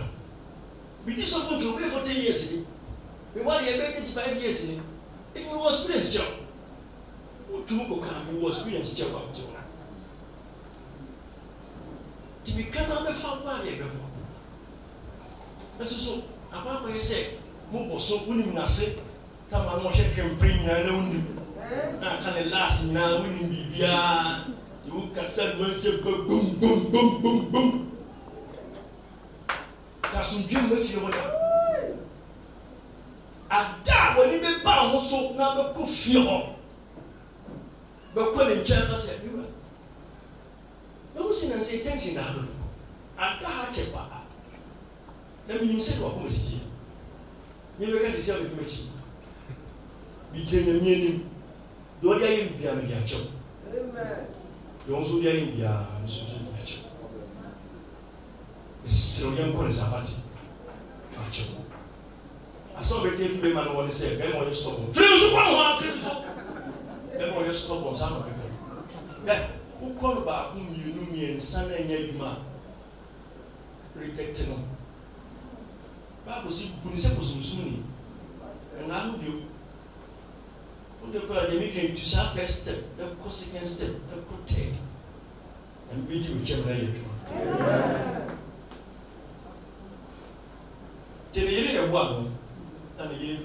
mi di sɔfo to o bɛ fɔ ten years ni mi wa de yɛ bɛ thirty five years ni ebi wɔ experience kyerɛ o otum program wo experience kyɛ wa nti wona timika na bɛfa wo a ne ɛbɛbɔ ɛso so abaama yɛ sɛ mobɔ so wonim nase tama no wɔhwɛ kɛmpere nyinaa na wonim na aka ne las nyinaa wonim biribiaa de wo kasa nuansɛ ba gbomgbomgbomgbom kasomdwem bɛfie hɔ da ada a wɔne bɛba wo so na bɛkɔ fie hɔ bɛkɔ ne nkyɛn ka sɛ wiwa na wo si na sɛ intention da ano no ada ha kyɛ pa a na menim sɛ de wakoma sitie nyɛbɛka sɛ sia medum akyi megyina nyame anim deɛ ɔde ayɛ bibiaa mede akyɛw deɛ wo nso de ayɛ a nso so mede akyɛw mesrɛ woyɛ nkɔ ne sɛ abate akyɛw asɛ wobɛtɛ fi bɛma no wɔ ne sɛ bɛma ɔyɛ stɔp mfiri so kɔ ne hɔ afiri so ɛna ɔyɛ stɔbɔn saa na ɔkeka dɛ wokɔ baako mmienu mmiɛnsa na ɛnyɛ adwuma repɛte no baako si bu sɛ kosomsom ɛnaa no deɛ wode kɔ a deɛ meka ntu saa first step na kɔ second step na kɔ third ɛno bɛdi wo kyɛm na yɛ adwuma tɛne yere yɛ boa no na ne yere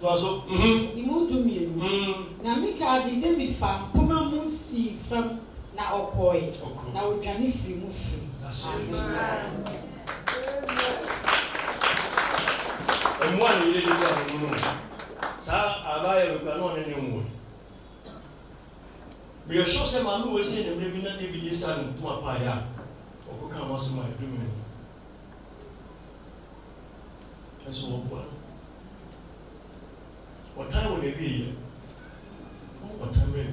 so mhm. imu du mmienu mhm. na mika de david fa mpoma mu si fam na ɔkɔɔɛ na ɔdwane firi mu firi ɛmu a ne yere de bi mu saa abaayɛ bɛba na ɔne ne mu bɛyɛ sɔ sɛ maa mi wɔ esi ne mmerɛ bi na david yɛ saa ne mpoma paayɛ a ɔkɔ kan wɔn so ma ɛdum ne mu ɛnso wɔn bu a baabi yi wɔwɔta mɛn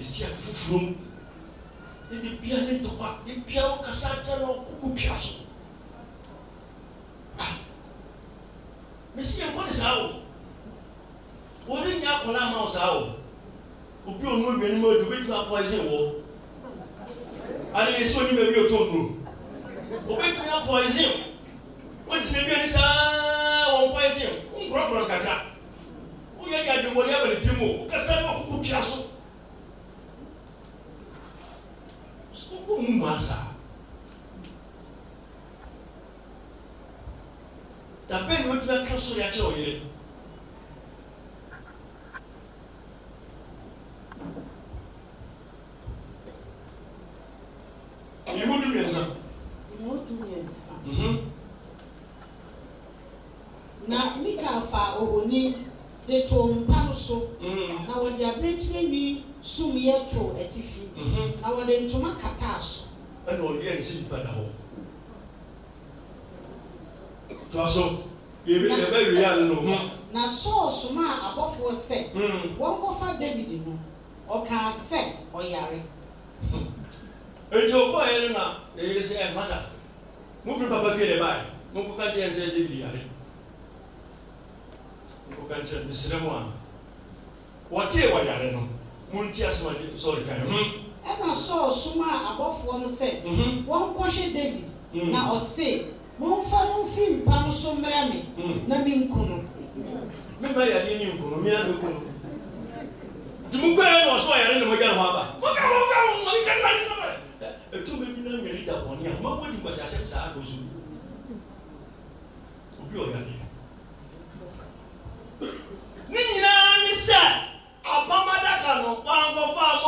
esi afufurom ebi bia ne tɔkwa ebi awo kasa akyɛ na ɔkoko twia so a mesi yɛn kɔ ne saa o wɔde nya akɔla ama o saa o obi a ɔnua aduane mu ɔdi obi tuma akɔ ɛsɛ wɔ ale yɛ sɛ ɔni baabi a ɔtɔ nnuro obi tuma akɔ ɛsɛ ɔdi na aduane saa nkorɔkorɔ o woyɛ de adwemmɔne ama ne pie mu o wokasa ma koko tua so wobɔ mu mu asaa dabɛn ne wotumi aka so de akyerɛ ɔyere no sumiɛ to atifi mhm. na wɔde ntoma kata so. ɛna ɔde yɛ nsi nipa da hɔ to so yɛbi yɛbɛ wie ano no. Mhm. na sɔɔso ma abɔfoɔ sɛ mhm. wɔn kɔfa david no ɔkaa sɛ ɔyare. eti o kɔɔ yɛrɛ na yɛrɛ sɛ ɛ eh, masa mo fi papa fie de ba yi mo kɔ ka di yɛn sɛ david yare mo kɔ ka n sɛ misiri mu a wɔtee wɔyare no mun ti ase ma sɔɔli kan yɛ. ɛna sɔɔ suma abɔfoɔ no sɛ. wɔn kɔhye david mm-hmm. na ɔse wɔn fa no fi mpa no so mmerɛ mi mm-hmm. na mi nkunu. mi ba yɛ ni ni nkunu mi yɛ nkunu tumu kɔ yɛ wɔ so ɔyɛrɛ nimu gyɛn a aba mo kɛ mo kɛ mo mo ni kɛ nbali nbali etu mi bi na nyɛ ni da bɔnni a ma bɔ di gbasi asɛ saa a ko so obi ɔyɛ ni.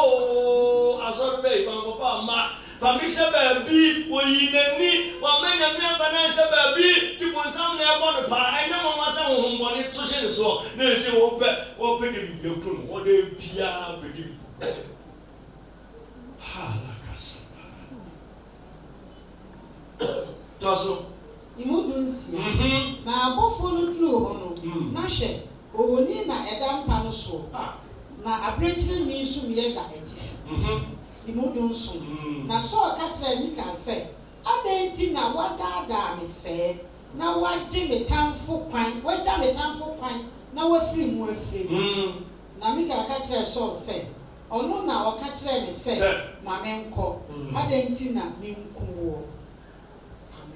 oo oh, asɔre bɛyi bankɔfɔ ama fami hyɛ baabi oyi n'ani wama nyame amfana hyɛ baabi ti bonsam na ɛbɔ e e mm-hmm. no paa ɛnyɛ mɔma sɛ honhombɔne to hye mm. ne soɔ na ɛsɛ wɔpɛ wɔpɛ de bibia kurom wɔde biaa pɛdi halakasa tɔ so ìmú dùn sí i na abọ́fo no dúró hɔ no na hwɛ òhòní na ɛda mpa no soɔ. Ah. na abirekyiri mi nso mi yɛ da ɛkyɛ mhm. ne mu dun so mhm. na sɔɔ ka kyerɛ ka sɛ adan ti na wadaadaa mi sɛɛ na wagye mi tanfo kwan wagya mi tanfo kwan na wafiri mu afiri mhm. na mi ka ka kyerɛ sɔɔ sɛ ɔno na ɔka kyerɛ mi sɛ ma mi nkɔ adan ti na mi nku wɔ.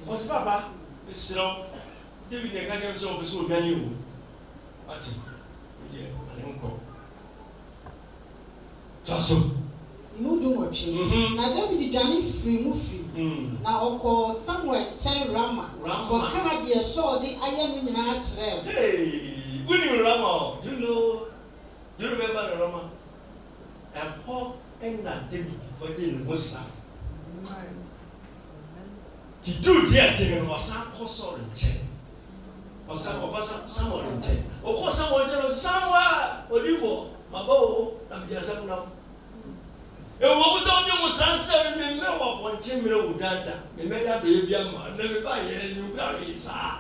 wɔsi baba esiraw david na ɛka kyerɛ sɛ ɔbɛ so ɔdani o ati o yɛ ɔne nkɔ. so. mu dum wɔtwe na david dwane firi mu firi na ɔkɔ samuel kyɛn rama kɔkaa deɛ sɔɔ de ayɛ no nyinaa kyerɛ wo wonim rama o you know Do you remember the rama ɛhɔ ɛna david kɔgye ne ho sa ti duu deɛ deɛ no ɔsan kɔ sɔre nkyɛn ɔsan ɔba samuel nkyɛn ɔkɔ samuel nkyɛn no samuel odibo mabɔ wo na mede asɛm ewu omusa onye musansa mi mmemme wɔ pɔnkye mmerɛ wò dada mmemme ya do ebi ama na mi ba yɛ ni wura mi saa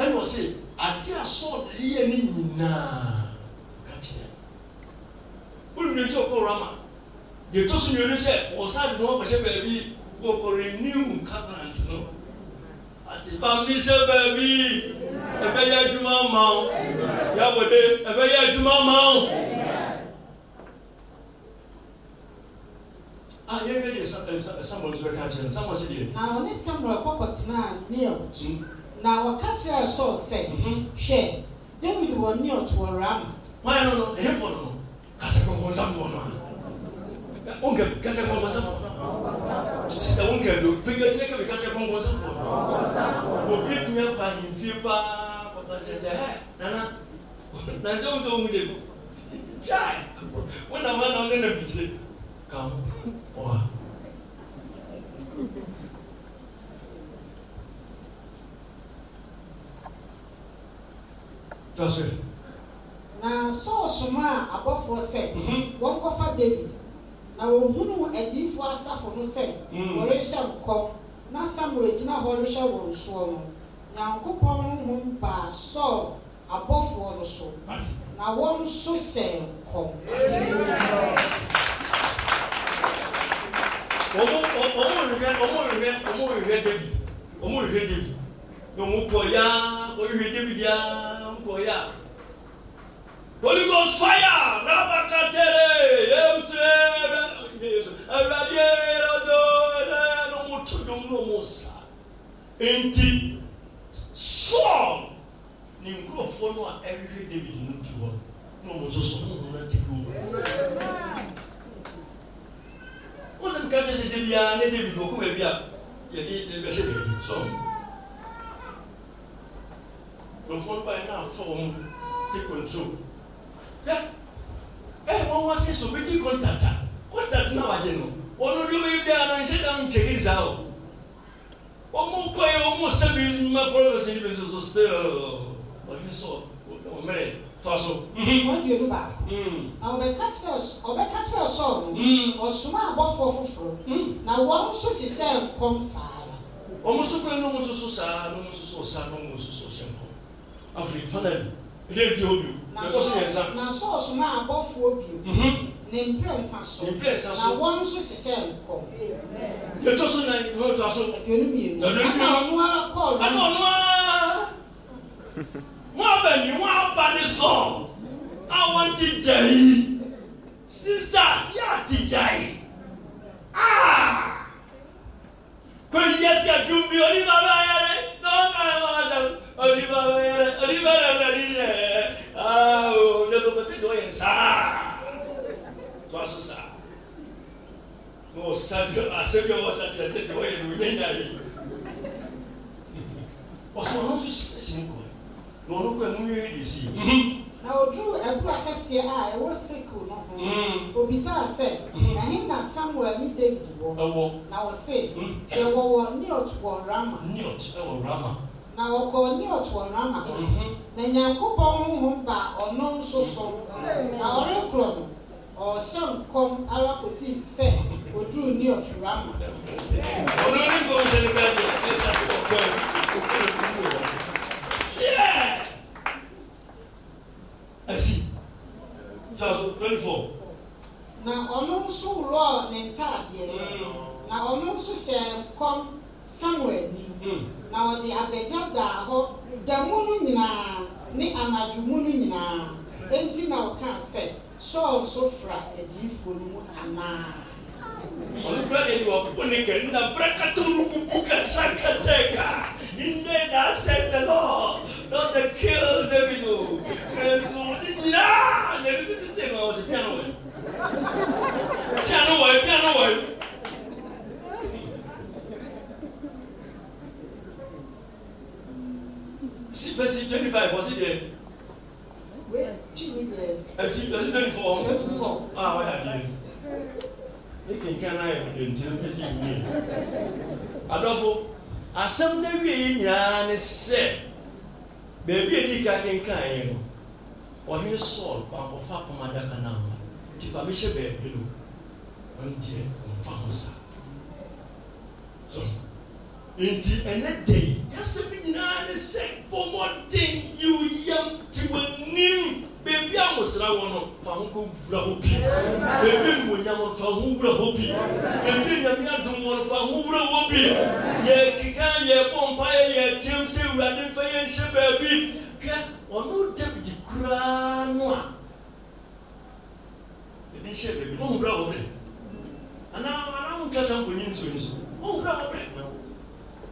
ɛnna ɔsi adi asɔɔdo yie ne nyinaa kakyina wọn nyɛ ti ɔkɔ rama deɛ to so nyɛ ni sɛ wɔsan de wɔn akɔhyɛ baabi wɔkɔ renew covenant no. Family ṣe bẹ̀bí ẹ̀fẹ́ yẹ ẹdúmọ̀ ọmọ o yàwòdè ẹ̀fẹ́ yẹ ẹdúmọ̀ ọmọ o. A yẹ kí ni Samuel sọ ká kyerẹ Samuel sì yẹ. Àwọn ní Samuel kọ́kọ́ tena ní ọ̀tún na ọ̀ka kyerẹ Saul sẹ hwẹ David wọ ní ọ̀tún ọ̀rọ̀ àmà. Wọ́n yẹn nọ nọ ẹ̀hìn fọ̀ nọ kásẹ̀ kọ̀ọ̀kan sáfù wọn nọ. Ó ń kẹ kẹsẹ̀ kọ̀ọ̀kan sáfù sista wo nka do pɛgɛ tiɛ kɛ bi kasɛ kɔnkɔnsafo obi tun yɛ pa nfie paa papa sɛsɛ ɛ nana nansɛ muso wo mu de so yai wo na wa na ɔne na bikye kan ɔha tɔ so. na sɔɔso mu wong abɔfoɔ sɛ mhm. wɔn kɔfa na wohunu adiyifo asafo no sɛ hmm. wɔrehyɛ nkɔm na samuel gyina hɔ rehyɛ wɔn soɔ no nyankopɔn ho baa sɔɔ abɔfoɔ no so na wɔn nso hyɛ nkɔm. ɔmo rehwɛ ɔmo rehwɛ ɔmo rehwɛ david ɔmo rehwɛ david na ɔmo kɔ yaa ɔrehwɛ david yaa ɔmo kɔ yaa holy ghost fire rabakatere yee. nti Saul ne nkurɔfoɔ no a ɛhwehwɛ David no tu hɔ na wɔn nso so wɔn nana take over wɔn sɛ nka kyerɛ sɛ David a ne David wɔkɔ baabi a yɛde ɛbɛhyɛ baabi Saul nkurɔfoɔ no baa na afɔ wɔn take control yɛ ɛ wɔn wá sɛ so bɛ di kɔntata kɔntata na wagye no wɔn no deɛ ɔbɛyɛ bi a na nhyɛ dan nkyɛn saa o. Ɔmo nkɔ yɛ ɔmo sɛbi mmɛfra bɛ sɛ ɛbi nso so stay ɔɔ ɔhwɛ sɔ ɔmo mɛrɛ tɔ so. Mhm. Wɔduonu baako. Mm. Mm. Mm. Na ɔbɛka kyerɛ ɔbɛka kyerɛ sɔɔro. Ɔsoma abɔfoɔ foforɔ. Na wɔn nso hyehyɛ nkɔm saa la. Ɔmo nso kɔ ɛnum soso saa ɛnum soso saa ɛnum soso hyɛ nkɔm. Afei fana bi ɛdɛ bi obi o ɛkɔ so yɛn nsa. Na sɔɔsoma abɔfoɔ bi ne mprɛnsa so na wɔn nso hyehyɛ nkɔm. yɛtɔ so nan ne ɔtɔ so. aduonu mmienu ana ɔno ara kɔɔlu. ana ɔno ara wọn abɛni wọn aba ne sɔɔ a wɔn ti gya yi sista yà ti gya yi aa kò yíyá sí ẹdun bi onímọ̀ abẹ́ ayẹyẹ náà ká ẹ máa dà onímọ̀ abẹ́ ayẹyẹ onímọ̀ abẹ́ ayẹyẹ aa o ní ọdún kò sí ní o yẹn sáà toa so saa na ɔsa bi asɛ bi a ɔsa bi asɛ bi ɔyɛ no ɔnya nya yɛ ɔsɔ ɔno nso si ɛsi mu kɔn na ɔno kɔn mu yɛ de si. na oduru ɛbura kɛseɛ a ɛwɔ sekul no ho mm-hmm. obisa sɛ ɛhe mm-hmm. na samuel ne david wɔ ɛwɔ na ɔse yɛwɔ wɔ neot wɔ rama neot ɛwɔ rama na ɔkɔ neot wɔ rama mm-hmm. na nyankopɔn honhom ba ɔno nso so na ɔrekorɔ no ọ̀ṣán kọ́m arákòsí ìfẹ́ ojú ní ọ̀ṣùrà mọ̀. olórí kò ń ṣẹlẹ̀ bẹ́ẹ̀ ló ṣe ṣàkóso ọ̀pọ̀ twenty four. na ọ̀nà nso ní hmm. na ọ̀nà nso nkọm samuel hmm. na daa hɔ nyinaa nyinaa eti na ọka sọọ nso fura adiifoɔ no mu anaa. ɔno kura deɛ de ɔpo ne kɛ na bere kata onuku bu kasa kata ɛka nne na asɛ the lord not kill david o nso ne nyinaa na ebi tete te ma ɔsi piano wɔ yi piano wɔ yi piano wɔ yi. si fɛsi twenty five ɔsi deɛ. Asi asi twenty four. Twenty four. Ah, a wáyà bíi. Ne kankan náà yẹ kò ntẹ ẹ si wúyẹ. Adọ́fo, asẹ́m náà wíyẹ yìí nyinaa ni sẹ́, bẹ̀ẹ̀bi èdè ká kankan yẹ no, ọ̀hìn sọ̀rọ̀ bàbá fa pọ̀mọ́dàkà náà ma, tìfà mi hyẹ bẹ̀ẹ̀bi lò, wọ́n diẹ, wọ́n fa ho sa. So nti ɛnɛ dɛn yasɛ bi nyinaa ne sɛ bɔmɔden yiwyam te w'anim beebi a mosra wɔ no fa ho ko wura hɔ bi beebi nwonyam no fa ho wura hɔ bi beebi nyame adom wɔ no fa ho wura hɔ bi yɛ keka yɛ bɔ mpa yɛ yɛ tiam sɛ awurade mfa yɛ nhyɛ baabi hwɛ ɔno david kuraa no a ebi nhyɛ baabi ɔhura hɔ bɛ anaa anaa nkasa mfonyin nso nso ɔhura hɔ bɛ.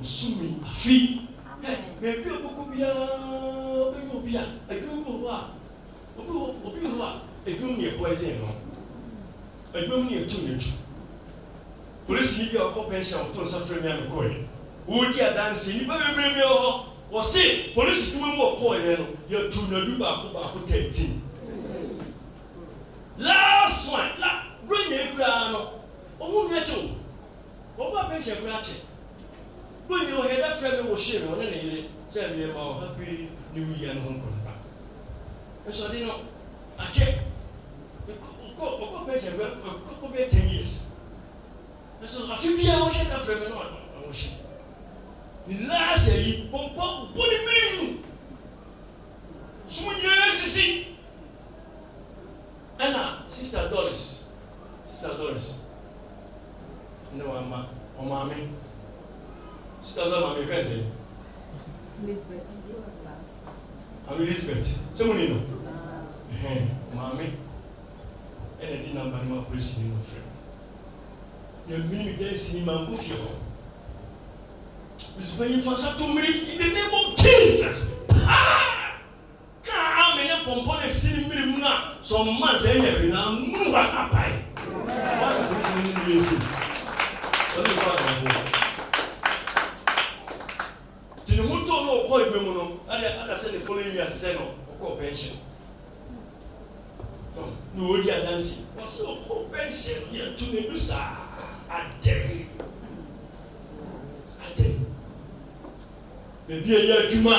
ɔsoro afiri ɛ na ebi okoko biara ɔbɛyɛ obi a adwuma mu wɔ hɔ a obi wɔ obi wɔ hɔ a adwuma mu yɛ poison no yɛ e e tu na tu polisi bi ɔkɔ pension ɔtɔ nsa mi a mekɔ yɛ adansi nipa bebree bi wɔ hɔ wɔsi polisi dwuma mu ɔkɔ yɛ no yɛ tu na du baako baako tɛntin last one la bro nyɛ kura no ɔmo nyɛ kyew ɔmo abɛn hyɛ kura kyɛ wóni wɔ hɛ dafra mi wɔ hyɛ mi wɔ ne ne yere sɛ mi ma wɔ hapi ne wuyia ne ho nkɔlɔba nso ɔde no akyɛ nkɔ nkɔ bɛ hyɛ bɛ nkɔ bɛ ten years nso afi bia wɔhyɛ dafra mi no ɔwɔ hyɛ ne laasa yi pɔmpɔ bɔ ne mmiri mu sumu nyinaa sisi ɛna sista doris sista doris ne wɔn ama wɔn maame six thousand maame fẹ́ sẹ́. àmì Elizabeth ṣé mo nínú maame ɛna di namba no ma polisi ni mo fẹ́ na mmiri mi dan si ni ma nko fie hɔ bisimilayi fa sato mmiri in the name of Jesus ah! kaa ame ne pɔmpɔ na esi ni mmiri mu na sɔn mma sɛ ɛyɛ bi na mu wa apae wɔn a polisi ni mu yɛ si. sɛ ne following year sɛ no ɔkɔɔ pension na wɔdi adansi wɔsɛ ɔkɔɔ pension yɛntu ne bi saa adɛn adɛn baabi a yɛ adwuma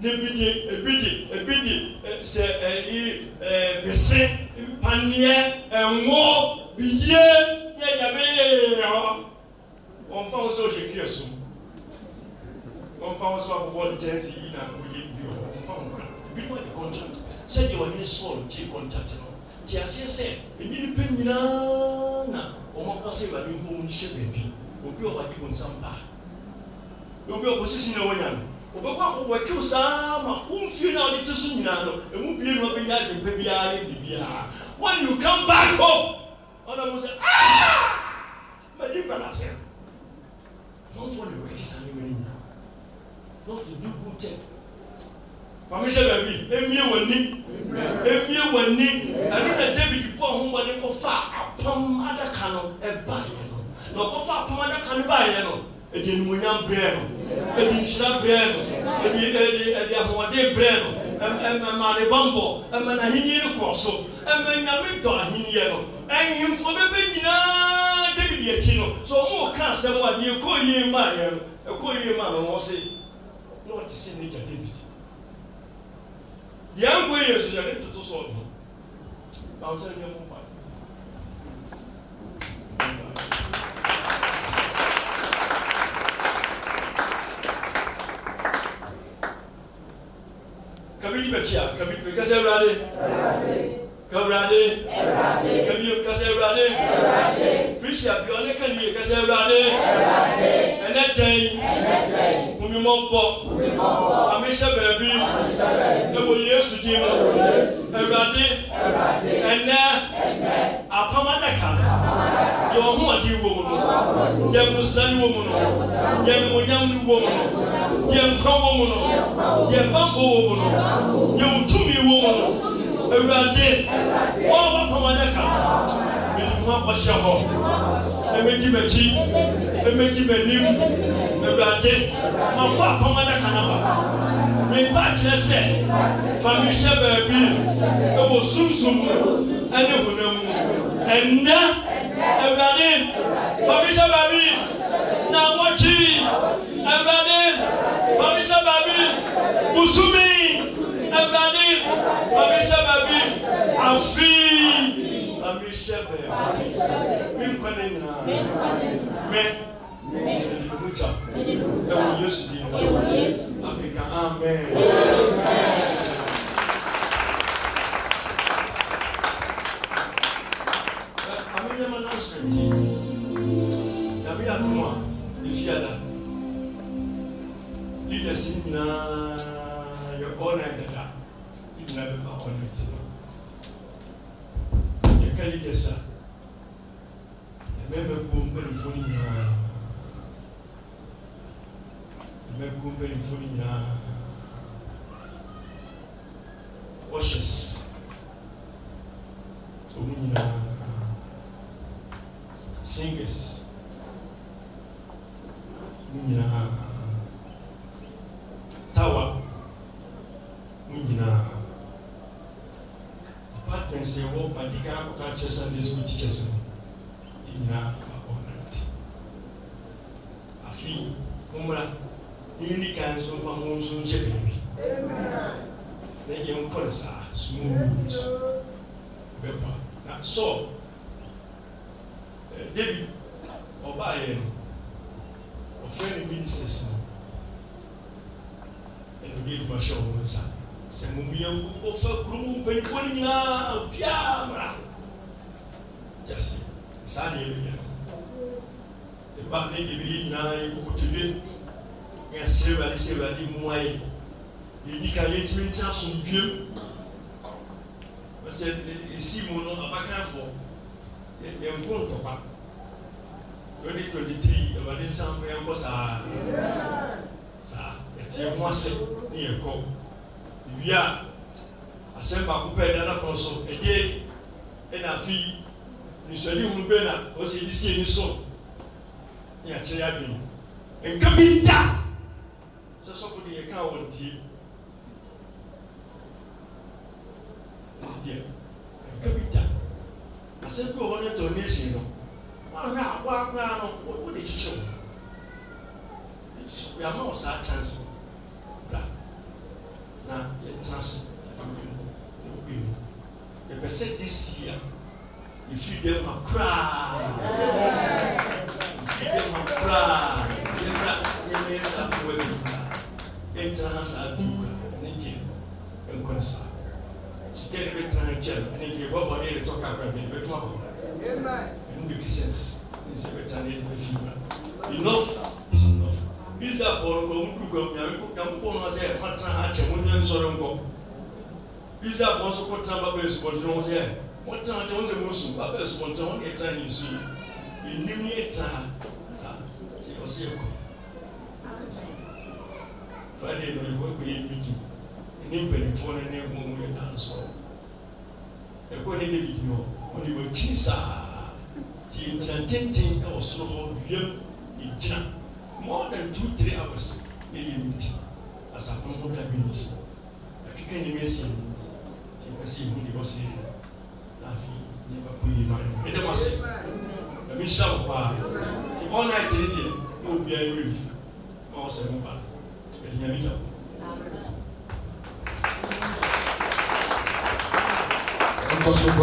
n'ebi di ebi di ebi di sɛ ɛyi ɛɛ bese mpaneɛ ɛnwo bidie yɛ dɛmɛ yɛ yɛ hɔ wɔn fa wɔn sɛ ɔhyɛ kiyɛ so wɔmfa wo so abobɔ ntansi yi na woyɛ bio wɔmfa wo kra binom ade contract sɛdeɛ wɔhene saul gyee contract no nti aseɛ sɛ ɛnyi nipa nyinaa na wɔmɔkɔ sɛ awurade mfo mu nhyɛ baabi obi a wɔde wo nsam paa obi a wɔsisi na wɔnya no wobɛkɔ akɔbɔ akiw saa ma womfie no a wode te so nyinaa no ɛmu bie no wabɛnya adwempa biara ne biribiara when you come back home ɔna mo sɛ ah! madi mpa no asɛm mamfoɔ ne wɛde saa ne mani nyinaa not to do good thing mamehyɛ baabi emie w'ani emie w'ani ɛno na e e david bɔ ɔho wɔde kɔfa apam adaka no ɛbaeɛ no na ɔkɔfa apam adaka no baeɛ no ɛde enumonyam brɛɛ no ɛde nhyira brɛɛ no ɛde ɛde ɛde ahoɔden brɛɛ no ɛmɛma ne bambɔ ɛmɛ n'ahenni ne kɔ so ɛmɛ nyame dɔ ahenniɛ no ɛhemfo bɛbɛ nyinaa david akyi no so wɔn e mo ka asɛm a deɛ ɛkɔɔ yie mmaa yɛ no ɛkɔɔ yie mmaa no wɔn se. n'ɔte sɛ n'agya david deɛ nkwa yɛ so yɛ ne so ɔno na ɔsɛ nyɛ mo kabini bɛkyi a kabini bɛ awurade kawurade kabini kasa awurade firisi abiɔ ne kasa awurade ɛnɛ ohumimɔbɔ amisɛ baabi ɛwɔ yesu di mu ɛwurade ɛnɛ apamadaka yɛ ɔhoɔdi wɔ mu no yɛ musani wɔ mu no yɛ monyam wɔ mu no yɛ nkwa wɔ mu no yɛ bambɔ wɔ mu no yɛ utumi wɔ mu no ɛwurade wɔn bɛ pamadaka mɛ nimu akɔhyɛ hɔ ɛmɛ di mɛ kyi ɛmɛ di mɛ nimu awurade mafa apama no kanaba mempa kyerɛ sɛ fa me hyɛ baabi ɛwɔ sumsum mu ɛne hona mu ɛnna awurade fa me hyɛ baabi na wɔkyi awurade fa me hyɛ baabi busumi awurade fa hyɛ baabi afii fa me hyɛ baabi me nkwa ne nyinaa me Mungu kuja. Na uyesu jina. Afrika. Amen. Amen. disse, opa, diga, o cara tinha sabido o que asɛm baako pɛ da na kɔn so ɛdeɛ ɛna afi nsɔani hunu bɛ na ɔsi edi si ani so ne akyerɛ adwene nka bi da sɛ sɔfo de yɛ kaa wɔn tie deɛ nka bi da asɛm bi wɔ hɔ ne tɔ ne esi no wɔahwɛ a wɔakora no wɔde kyekyere wɔn yɛama wɔ saa chance bra na yɛtena se ɛfa mi pɛ sɛ this year ifi dɛm ha koraa ifi dɛm ha koraa yɛka yɛmɛ saa kowa bi koraa yɛntena ha saa bi koraa ne deɛ nkɔ ne saa sika ne bɛ tena nkyɛn ne deɛ bɔbɔ ne yɛtɔ ka koraa bɛn bɛtuma kɔ ɛnu bɛ kisɛns ne sɛ bɛ taa ne yɛn bɛ fi koraa enough is enough israel fɔ nkɔ mu dukɔ mu nyame kɔ nyame kɔ mu na sɛ ɛma tena ha kyɛ mu nyɛ nsɔre nkɔ israelfoɔ nso kɔ tena baba asubɔnten wɔn sɛ wɔn tena wɔn sɛ wɔn su baba asubɔnten wɔn yɛ tan ne nsu yi enim ne yɛ tan a sɛ ɔsɛ yɛ kɔ friday no yɛ kɔ yɛ meeting ne mpanyinfoɔ ne ne wɔn mu yɛ danso ɛkɔ ne david yɔ wɔn de wɔn akyi saa tie gyina tenten ɛwɔ soro hɔ wiem egyina more than two three hours ɛyɛ meeting asafo no ho da bi nti akeka nyɛ mɛsia ɛsɛ yɛhu deɛ ɔsɛ na afei nneɛma kɔ yie ma yɛ mede mo se ɛmi hyira wo paa nti all night ne deɛ na obiara werɛ fi ma ɔsɛ mo ba ɛde nyame gya wo